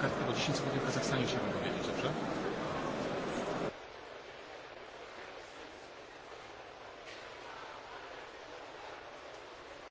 kartkę, bo 10 sekund w Kazachstanie się robi.